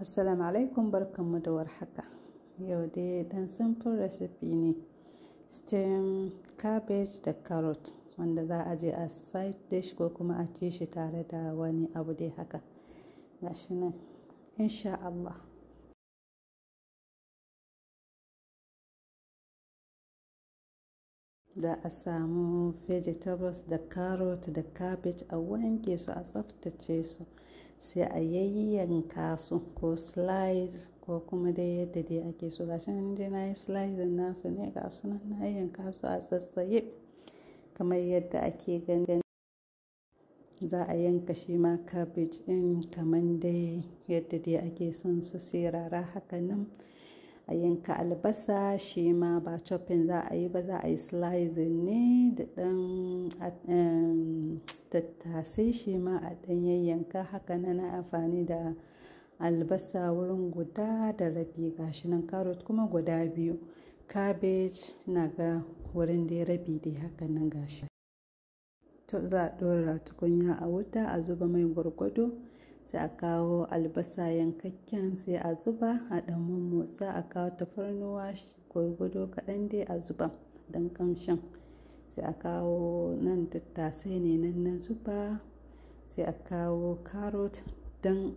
assalamu alaikum barkanmu da warhaka yau dai dan simple recipe ne steam cabbage da carrot wanda za a je a side dish ko kuma a ci shi tare da wani abu dai haka gashi nan insha Allah za a samu vegetables da carrot da cabbage a wanke su a tsaftace su sai a yayyanka su ko slice ko kuma dai yadda dai ake so gashi nan dai na yi slice nasu ne ga nan na yanka su a tsatsaye kamar yadda ake gani za a yanka shi ma cabbage din kamar dai yadda dai ake son su sirara haka nan a yanka albasa shi ma ba chopping za a yi ba za a yi slicing ne da ɗan um, tattasai shi ma a ɗan yayyanka haka na na amfani da albasa wurin guda da rabi gashi nan carrot kuma guda biyu cabbage na ga wurin da rabi dai haka nan gashi to za a ɗora tukunya a wuta a zuba mai gwargwado sai a kawo albasa yankakken sai a zuba a ɗan mummotsa a kawo tafarnuwa gwargwado kaɗan dai a zuba don kamshin sai a kawo nan tattasai ne nan na zuba sai a kawo carrot don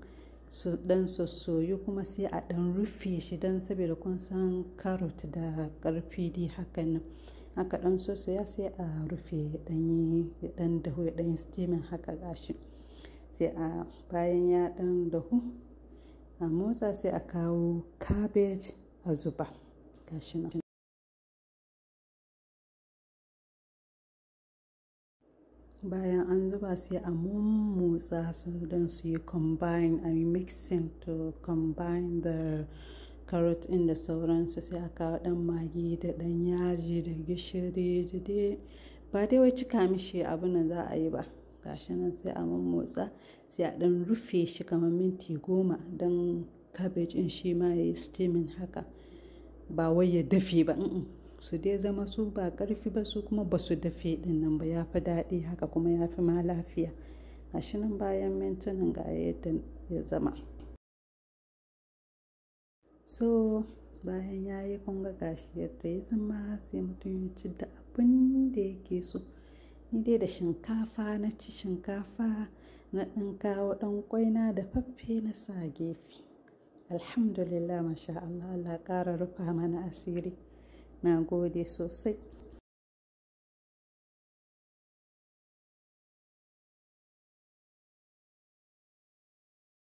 su dan sossoyu kuma sai a ɗan rufe shi don saboda kun san carrot da karfi dai hakan nan haka dan sossoya sai a rufe ya dan dahu ya dan steaming haka gashi sai a bayan ya ɗan dahu a motsa sai a kawo cabbage a zuba gashi nan bayan an zuba sai a mummutsa su don su yi combine a yi mixing to combine the carrot in da sauransu sai a kawo dan magi da dan yaji da gishiri da dai ba dai wai cika mishi abu za a yi ba gashi nan sai a mammotsa sai a ɗan rufe shi kamar minti goma don cabbage in shi ma ya yi steaming haka ba wai ya dafe ba su dai zama su ba karfi ba su kuma ba su dafe din nan ba ya fi daɗi haka kuma ya fi ma lafiya gashi nan bayan mintunan ga yadda ya zama so bayan ya yi kunga gashi yadda ya zama sai mutum ya ci da abin da yake so ni dai da shinkafa na ci shinkafa na ɗan kawo ɗan na da faffe na sa gefe alhamdulillah masha Allah Allah ƙara rufa mana asiri na gode sosai